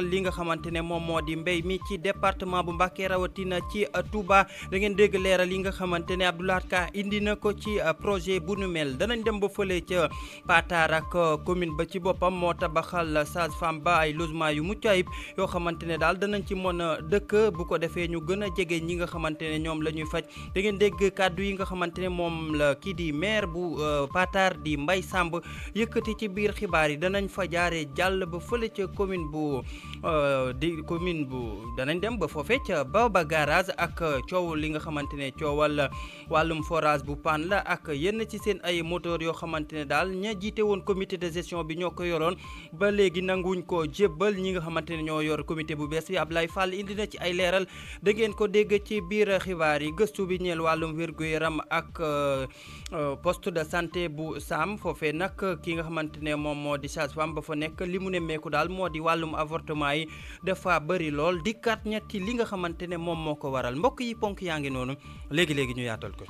li nga xamante ne moom moo di mbay mi ci département bu Mbacké rawatina ci euh, Touba da ngeen dégg leeral yi nga xamante ne Abdou indi na ko ci euh, projet bu nu mel danañ dem ba fële ca Patar ak euh, commune ba ci boppam moo tabaxal sage-femme ba ay logement yu mucc ayib yoo xamante ne daal danañ ci mën a dëkk bu ko defee ñu gën a jege ñi nga xamante ne ñoom la ñuy faj da ngeen dégg kàddu yi nga xamante ne moom la kii di maire bu Patar di mbay sàmb yëkkati ci biir xibaar yi danañ fa jaaree jàll ba fële ca commune bu Euh, di commune bu danañ dem ba foofee ca Baobab garage ak coow li nga xamante ne coowal wàllum forage bu paan la ak yenn ci seen ay moteur yoo xamante ne daal ña jiite woon comité de gestion bi ñoo ko yoroon ba léegi nanguñ ko jébbal ñi nga xamante ne ñoo yor comité bu bees bi Ablaye Fall indi na ci ay leeral da ngeen ko dégg ci biir xibaar yi gëstu bi ñeel wàllum wér-gu-yaram ak euh, euh, poste de santé bu Sam foofee nag ki nga xamante ne moom moo di sage-femme ba fa nekk li mu nemmeeku daal moo di wàllum avortement comportement yi dafa bëri lool dikkaat ñetti li nga xamante ne moom moo ko waral mbokk yi ponk yaa ngi noonu léegi-léegi ñu yaatal ko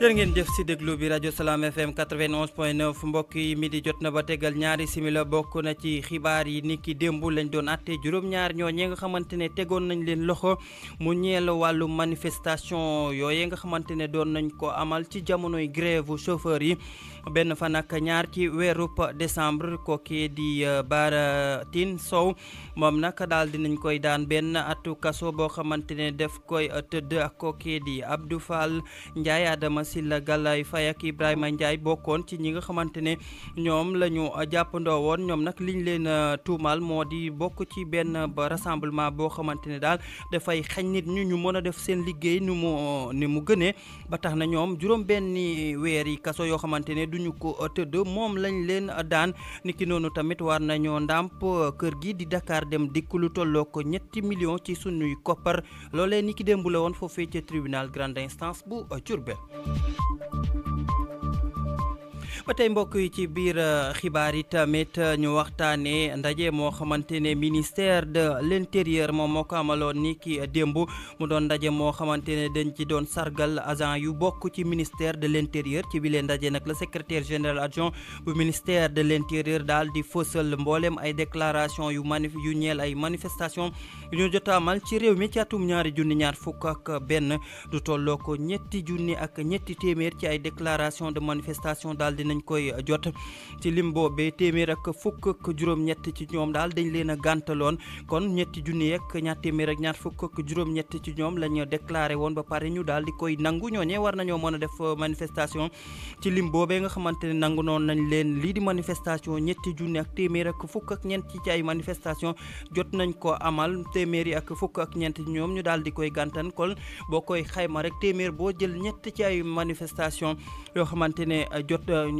jërë ngeen jëf si déglu bi rajo Salaam FM 91.9 mbokk yi midi jot na ba tegal ñaari simila bokk na ci xibaar yi ni ki démb lañ doon àtte juróom-ñaar ñoo ñi nga xamante ne tegoon nañ leen loxo mu ñeel wàllu manifestation yooye nga xamante ne doon nañ ko amal ci jamonoy grève chauffeur yi benn fan ak ñaar ci weerub décembre kooki di euh, Bara Tine Sow moom nag daal dinañ koy daan benn atu kaso boo xamante ne def koy euh, tëdd ak kooki di Abdou Fall Ndiaye Adama Silla Galaye Faye ak Ibrahima Ndiaye bokkoon ci ñi nga xamante ne ñoom lañu jàppandoo woon ñoom nag liñ leen euh, tuumal moo di bokk ci benn rassemblement boo xamante ne daal dafay xañ nit ñu ñu mën a def seen liggéey nu mu ni mu gënee ba tax na ñoom juróom benni weer kaso yoo xamante duñu ko tëdd moom lañ leen daan niki noonu tamit war nañoo ndàmp kër gi di dakaar dem dikk lu tolloo ko ñetti millions ci sunuy koppar loolee ki démb la woon foofee ca tribunal grande instance bu Diourbel ba tey mbokk yi ci biir euh, xibaar yi tamit euh, ñu waxtaanee ndaje moo xamante ne ministère de l' intérieur moom moo amaloon ni ki démb mu doon ndaje moo xamante ne dañ ci doon sargal agent yu bokk ci ministère de l' ci bilee ndaje nag la secretaire général adjoint bu ministère de l' intérieur daal di fësal mboolem ay déclaration yu manif yu ñeel ay manifestation yu ñu jot amal ci réew mi ci atum ñaari junni ñaar fukk ak benn du tolloo ko ñetti junni ak ñetti téeméer ci ay déclaration de manifestation daal dina nañ koy jot ci lim fukk ak ñett ci ñoom daal dañ leen a gàntaloon kon ñetti junni ak ñaar téeméer ak fukk ak juróom ci ñoom lañ déclaré woon ba pare ñu daal di koy nangu ñooñee war nañoo mën a def euh, manifestation ci lim boobee nga xamante ne nangu noonu nañ leen lii di manifestation ñetti junni ak téeméer ak fukk ak ñeent ci ay manifestation jot nañ ko amal téeméeri ak fukk ak ñeent ci ñoom ñu daal di koy gàntan kon boo koy xayma rek téeméer boo jël ñett ci ay manifestation yoo xamante euh, jot euh,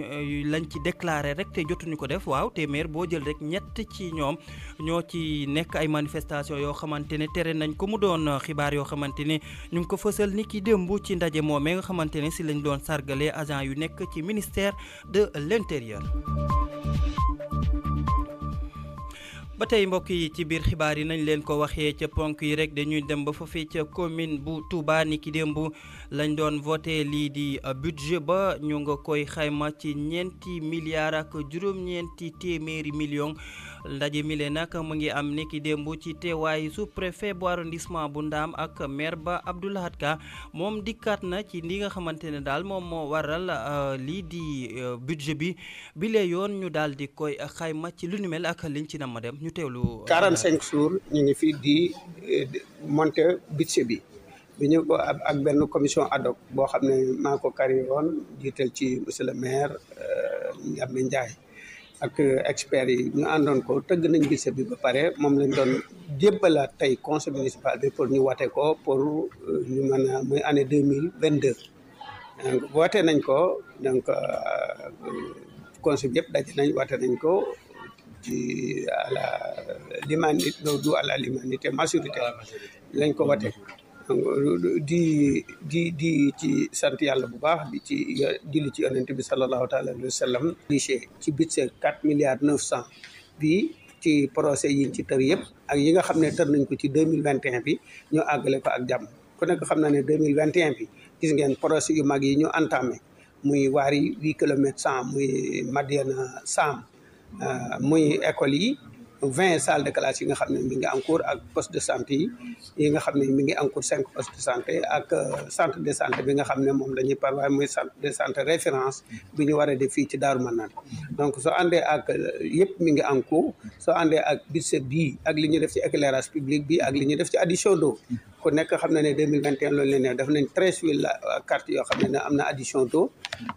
lañ ci déclaré rek te jotuñu ko def waaw téeméer boo jël rek ñett ci ñoom ñoo ci nekk ay manifestation yoo xamante ne tere nañ ko mu doon xibaar yoo xamante ne ñu ngi ko fësal ni ki démb ci ndaje moomee nga xamante ne si lañ doon sargalee agent yu nekk ci ministère de l'intérieur ba tey mbokk yi ci biir xibaar yi nañ leen ko waxee ca ponk yi rek dañuy dem ba foofee ca commune bu Touba ni démb lañ doon voté lii di budget ba ñu nga koy xayma ci ñeenti milliards ak juróom-ñeenti téeméeri million ndaje mi leen nag mu ngi am ni démb ci teewaayu sous-préfet bu arrondissement bu Ndaam ak maire ba Abdou moom dikkat na ci li nga xamante ne daal moom moo waral euh, lii di euh, budget bi bi lee yoon ñu daal di koy xayma ci lu ni mel ak liñ ci nam ma dem ñu teewlu. 45 euh, jours ñu ngi fii di euh, monter budget bi bi ñu ko ak benn commission ad boo xam ne maa ko kari ci monsieur le maire euh, Ndiame Ndiaye ak experts yi ñu àndoon ko tëgg nañ budget bi ba pare moom lañ doon jébbalaat tey conseil municipal bi pour ñu wate ko pour ñu mën a mille année 2022 donc woote nañ ko donc conseil bi yëpp daje nañ wate nañ ko. ci à la l'humanité du à la l'humanité lañ ko wate di di di ci sant yàlla bu baax di ci julli ci yonent bi sallallahu taala alayhi wa sallam liché ci budget quatre milliards neuf cent bi ci procès yiñ ci tër yëpp ak yi nga xam ne tër nañ ko ci deux mille vingt et bi ñu àggale ko ak jàmm ku nekk xam na ne deux mille vingt et bi gis ngeen procès yu mag yi ñu entamé muy waari huit kilomètres cent muy Madiana Sam Euh, muy école yi vingt salles de classe yi nga xam ne mi ngi en ak poste de santé yi nga xam ne mi ngi en cinq poste de santé ak euh, centre de santé bi nga xam ne moom la ñuy parwaay muy centre de santé référence bi ñu war a def fii ci daar Daaru Manaan donc soo àndee ak euh, yëpp mi ngi en cours soo àndee ak budget bii ak li ñu def ci éclairage public bi ak li ñu def ci addition d'eau ku nekk xam na ne 2021 loolu la ne def nañ tres treize mille cartes yo xam ne ne am na addition d'eau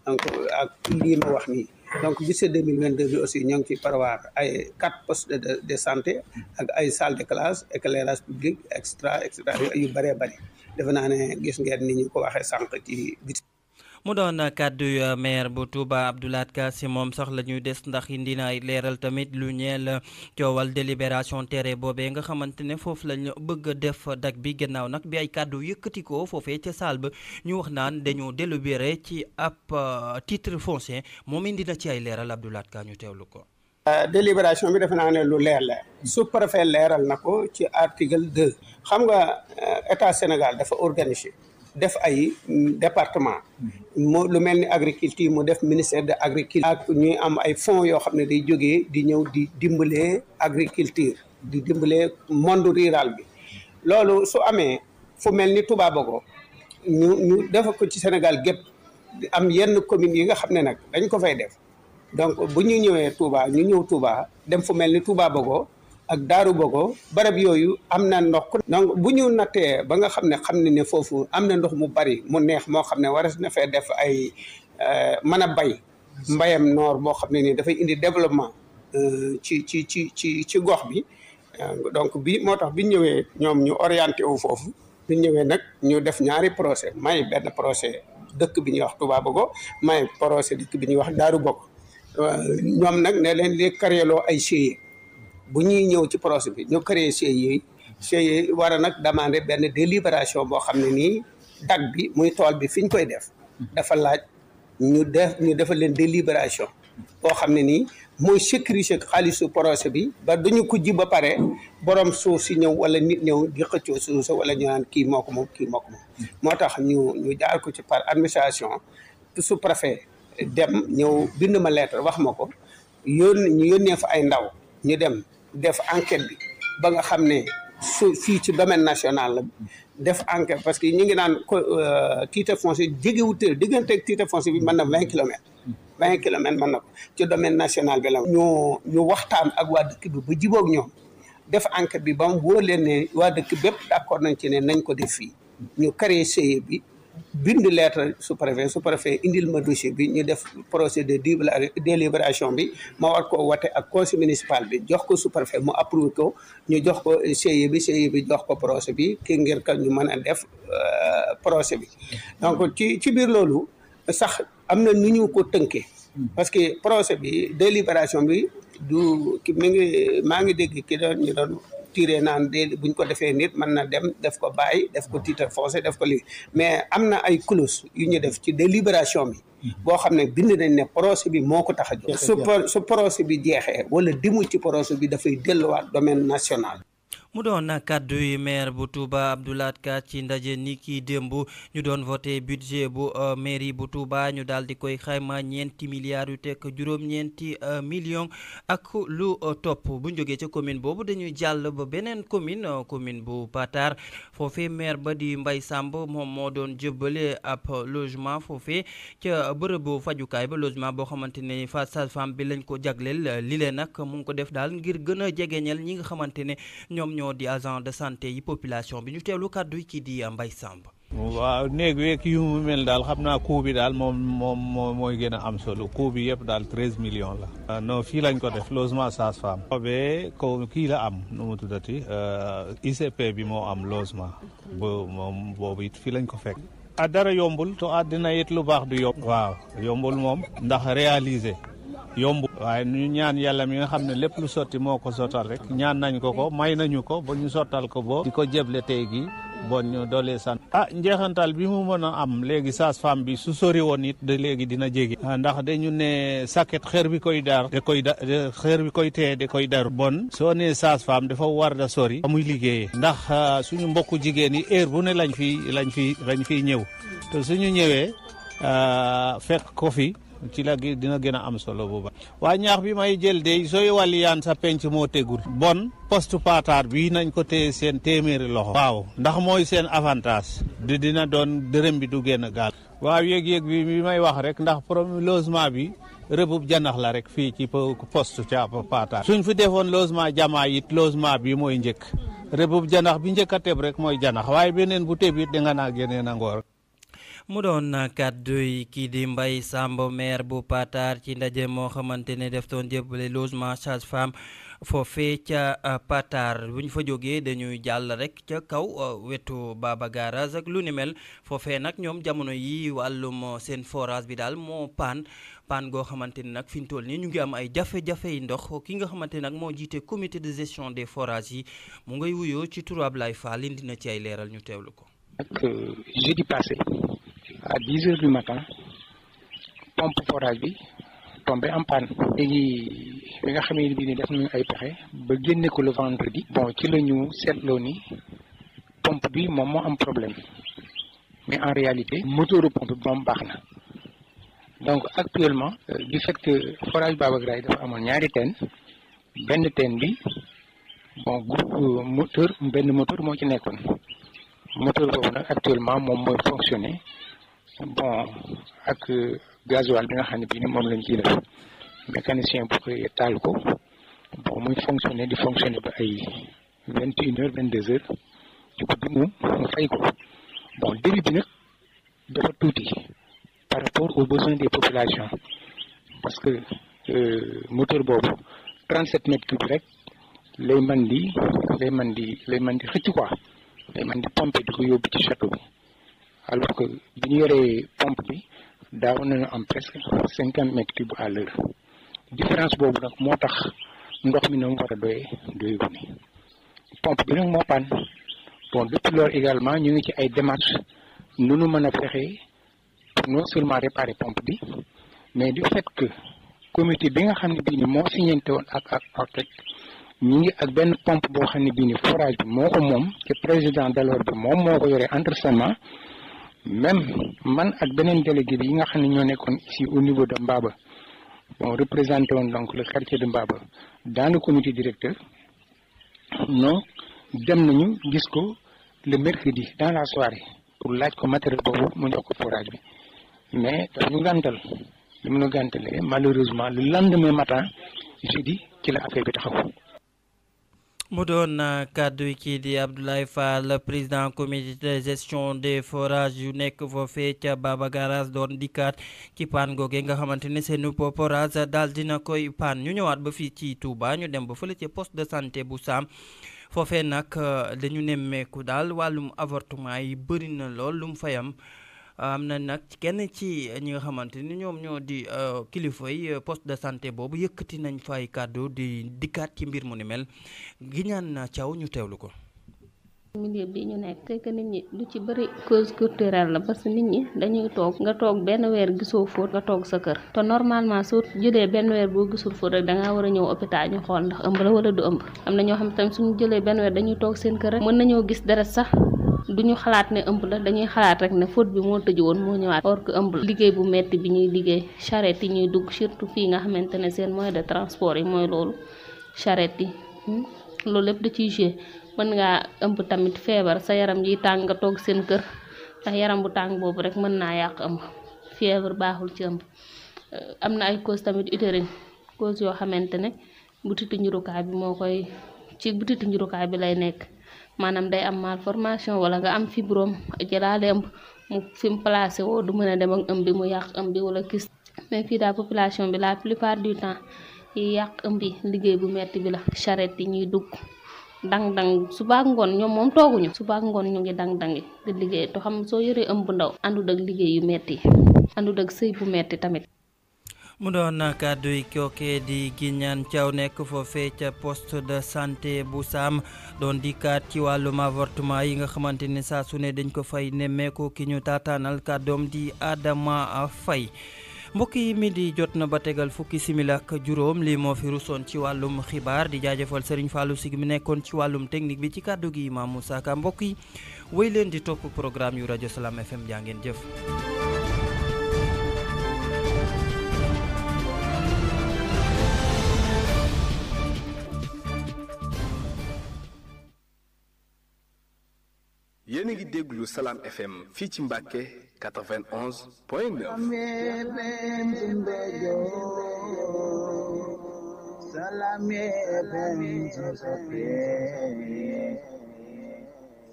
donc ak lii ma wax nii donc budget 2022 bi aussi ñoo ngi ci prévoir ay quatre de de santé ak ay salle de classe éclairage public extra extra yu bëree bëri defe naa ne gis ngeen ni ñu ko waxee sànq ci budget mu doon kàddu euh, maire bu Touba Abdou Lahad Ka moom sax la ñuy des ndax indi na ay leeral tamit lu ñeel euh, coowal délibération terre boobee nga xamante ne foofu lañ bëgg a def dak bi gannaaw nag bi ay kàddu yëkkati ko foofee ca saal ba ñu wax naan dañoo délibéré ci ab euh, titre foncier moom indi na ci ay leeral Abdou Lahad Ka ñu teewlu ko. délibération bi defe naa ne lu leer la su préfet leeral na ko ci article xam nga état Sénégal dafa organiser. def ay département mu lu mel ni agriculture mu def ministère de agriculture ak ñuy am ay fonds yoo xam ne day jógee di ñëw di dimbalee agriculture di dimbalee monde rural bi loolu su amee fu mel ni Touba Bogo ñu ñu def ko ci Sénégal gépp am yenn communes yi nga xam ne nag dañ ko fay def donc bu ñu ñëwee Touba ñu ñëw Touba dem fu mel ni Touba Bogo ak daaru gogo barab yooyu am na ndox donc bu ñu nattee ba nga xam ne xam ne ne foofu am na ndox mu bari mu neex moo xam ne waras na fee def ay euh, mën a bay mbayam noor boo xam ne nii dafay indi développement euh, ci ci ci ci ci gox bi donc bi moo tax bi ñëwee ñoom ñu orienté wu foofu bi ñëwee nag ñu def ñaari projet may benn projet dëkk bi ñuy wax Touba Bogo may projet dëkk bi ñuy wax Daaru Bogo euh, ñoom nag ne leen di kareeloo ay séyee bu ñuy ñëw ci projet bi ñu créé CIE yi CIE nag demander benn délibération boo xam ne nii dag bi muy tool bi fi ñu koy def dafa laaj ñu def ñu defal leen délibération boo xam ne nii mooy sécuriser xaalisu projet bi ba duñu ko ji ba pare borom suuf si ñëw wala nit ñëw di xëccoo suuf sa wala ñu naan kii moo ko moom kii moo moom moo tax ñu ñu jaar ko ci par administration su préfet dem ñëw bind ma lettre wax ma ko yóon ñu yónnee fa ay ndaw ñu dem def enquête bi ba nga xam ne su fii ci domaine national la def enquête parce que ñu ngi naan euh, titre foncier jegewut diggante ak titre foncier bi man na vingt kilomètres vingt kilomètres man na ci domaine national bi la ñu ñu waxtaan ak waa dëkk bi ba jiboog ñoom def enquête bi ba mu wóor leen ne waa dëkk bépp d'accord nañ ci ne nañ ko def fii ñu créé CIE bi bind lettre sous préfet sous préfet indil ma dossier bi ñu def procès de délibération bi ma war ko wate ak conseil municipal bi jox ko sous préfet mu approuvé ko ñu jox ko CIE bi CIE bi jox ko procès bi ki ngir ka ñu mën a def euh, procès bi donc ci ci biir loolu sax am na nu ñu ko tënkee parce que procès bi délibération bi du ki mi maa ngi dégg ki doon ñu doon tiiree naan de buñ ko defee nit mën na dem def ko bàyyi def ko titre foncé def ko lii mais am na ay clause yu ñu def ci délibération bi mhm. boo xam ne bind nañ ne procès bi moo ko tax a jóg su su procès bi jeexee wala dimu ci procès bi dafay delluwaat domaine national mu doon kàddu yi maire bu Touba Abdou Lahad Ka ci ndaje ni kii démb ñu doon voté budget bu euh, mairie bu Touba ñu daal di koy xayma ñeenti milliards yu teg juróom-ñeenti euh, millions ak lu euh, topp bu ñu jógee ca commune boobu dañuy jàll ba beneen commune commune bu Patar foofee maire ba di mbay Samb moom moo doon jëbale ab logement foofee ca bërëbu fajukaay ba logement boo xamante ne fa femme bi lañ ko jagleel li leen nag mu ngi ko def daal ngir gën a jegeñal ñi nga xamante ne ñoo di agent de santé yi population bi ñu teelu kàddu kii di Mbaye Samb. waaw néeg week yu mel daal xam naa coût bi daal moom moom mooy gën a am solo coût bi yëpp daal treize millions la. Ah, non fii lañ ko def logement sage-femme. ko kii la am nu mu tuddati euh, ICP bi moo am logement. boobu moom boobu it fii lañ ko fekk. ah dara yombul to àddina it lu baax du yomb. waaw yombul moom ndax réaliser. yombu waaye ñu ñaan yàlla mi nga xam ne lépp lu sotti moo ko sottal rek ñaan nañ ko ko may nañu ko ba ñu sottal ko bo di ko jéble tey gi bon ñu doolee sant ah njeexantal bi mu mën a am léegi sage-femme bi su sori woon it de léegi dina jege ah, ndax ñu ne sàkket xeer bi koy daar da koy da xeer bi koy teye da koy daru bon soo nee sage-femme dafa war da sori amuy liggéeyee ndax ah, suñu mbokku jigéen yi heure bu ne lañ fi lañ fi lañ fiy ñëw te suñu ñëwee ah, fekk ko fi ci la gi dina gën a am solo booba waa ñaax bi may jël de sooy wàlliyaan sa penc moo tegul bon poste paataar bii nañ ko téye seen téeméeri loxo waaw ndax mooy seen avantage dina doon dërëm bi du gën a gaal waaw yëg-yëg bi may wax rek ndax premier logement bi rëbub janax la rek fii ci poste ca paataar suñ fi defoon logement jamaa it logement bi mooy njëkk rëbub janax bi njëkk a teb rek mooy janax waaye beneen bu teb it danga naa génnee na ngoor mu doon kàddu yi kii di mbay Samb maire bu Patar ci ndaje moo xamante ne def doon jébbale logement sage-femme foofee ca euh, Patar bu ñu fa jógee dañuy jàll rek ca kaw euh, wetu Baba Garage ak lu ni mel foofee nag ñoom jamono yi wàllum euh, seen forage bi daal moo paan paan goo xamante ne nag fi ñu toll nii ñu ngi am ay jafe-jafe ndox ki nga xamante ne nag moo jiite comité de gestion des forages yi mu ngay wuyoo ci turu Ablaye Fall indi na ci ay leeral ñu teewlu ko. à dix heures du matin pompe forage bi tombé en panne léegi bi nga xamee ni bii ni def nañu ay pexe ba génnee ko le vendredi bon ci la ñu seetloo ni pompe bi moom moo am problème mais en réalité moteuru pompe bi moom baax na donc actuellement euh, di fait que forage Babagraye dafa amoon ñaari teen benn teen bi bon groupe euh, moteur benn moteur moo ci nekkoon moteur boobu nag actuellement moom mooy fonctionner bon ak gasoil bi nga xam ne bii ni moom lañ ci def mécanicien bu koy taal ko bon muy fonctionner di fonctionner ba ay vingt une heure vingt deux heures ci guddi moom mu fay ko bon débit bi nag dafa tuuti par rapport aux besoins des populations parce que euh, moteur boobu trente sept mètres cubes rek lay man di lay man di lay man di xëcc quoi lay man di pomper di ko yóbbu ci château bi alors que bi ñu yoree pompe bi daaw nañu am presque cinquante mètres cubes à l'heure différence boobu nag moo tax ndox mi na mu war a doyee doyegu ni pompe bi nag moo paan bon depuis également ñu ngi ci ay démarches nu nu mën a fexe non seulement réparer pompe bi mais du fait que comité bi nga xam ne bii ni moo signante woon ak ak ORTEC ñu ngi ak benn pompe boo xam ne bii ni forage bi moo ko moom te président d'alors bi moom moo ko yoree entre même man ak beneen délégué bi yi nga xam ne ñoo nekkoon ici au niveau de Mbaba bon représenté woon donc le quartier de Mbaba dans le comité directeur non dem nañu gis ko le mercredi dans la soirée pour laaj ko matériel boobu mu jox ko forage bi mais daf ñu gàntal li mu nu gàntalee malheureusement le lendemain matin jeudi ci la affaire bi taxaw mu doon ah, kàddu yi kii di Abdoulaye Fall président comité de gestion des forages yu nekk foofee ca Baba Garage doon dikkaat ci paan googe nga xamante ne seenu forage daal dina koy paan ñu ñëwaat ba fii ci Touba ñu dem ba fële ca poste de santé bu Sam foofee nag ah, dañu nemmeeku daal wàllum avortement yi bëri na lool lu fayam am na nag kenn ci ñi nga xamante ni ñoom ñoo di euh, kilifa yi euh, poste de santé boobu yëkkati nañ fay kàddu di dikkaat ci mbir mu ni mel gi ñaan na caw ñu teewlu ko. milieu bi ñu nekk c'est que nit ñi lu ci bëri cause culturelle la parce que nit ñi dañuy toog nga toog benn weer gisoo fóot nga toog sa kër te normalement soo jëlee benn weer boo gisul fóot rek dangaa war a ñëw hôpital ñu xool ndax ëmb la wala du ëmb am na ñoo xam tamit suñu jëlee benn weer dañuy toog seen kër mën nañoo gis dara sax ñu xalaat ne ëmb la dañuy xalaat rek ne fóot bi moo tëju woon moo ñëwaat or que ëmb la liggéey bu metti bi ñuy liggéey charrette yi ñuy dugg surtout fii nga xamante ne seen moyen de transport yi mooy loolu charrette yi hmm? loolu lépp da ciy joué mën ngaa ëmb tamit feebar sa yaram yiy tàng nga toog seen kër ndax yaram bu tàng boobu rek mën naa yàq ëmb feebar baaxul ci ëmb euh, am na ay cause tamit utérine cause yoo xamante ne butitu njurukaay bi moo koy ci butitu njurukaay bi lay nekk maanaam day am formation wala nga am fibrome jëlaale ëmb mu fi mu placé woo du mën a dem ak ëmb bi mu yàq ëmb bi wala kis mais fii daal population bi la plupart du temps yi yàq ëmb bi liggéey bu metti bi la charrette yi ñuy dugg dang-dang su ak ngoon ñoom moom tooguñu su ak ngoon ñu ngi dang-dangi di liggéey te xam soo yoree ëmb bu ndaw àndul ak liggéey yu metti àndul ak sëy bu metti tamit mu doon kàddu yi kooke di Guignan Thiaw nekk foofee ca poste de santé bu Saam doon di ci wàllum avortement yi nga xamante ni saa su dañ ko fay nemmeeku ki ñu taataanal kàddoom di a fay mbokk yi mi di jot na ba tegal fukki simila ak juróom lii moo fi rusoon ci wàllum xibaar di jaajëfal Serigne Fallou Sig mi nekkoon ci wàllum technique bi ci kàddu gi Imam Moussa mbokk yi wéy leen di topp programme yu rajo Salam FM jaa ngeen jëf. yéen ngi déglu salaam FM fii ci Mbàkke 91 point 9.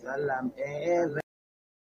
Salam FM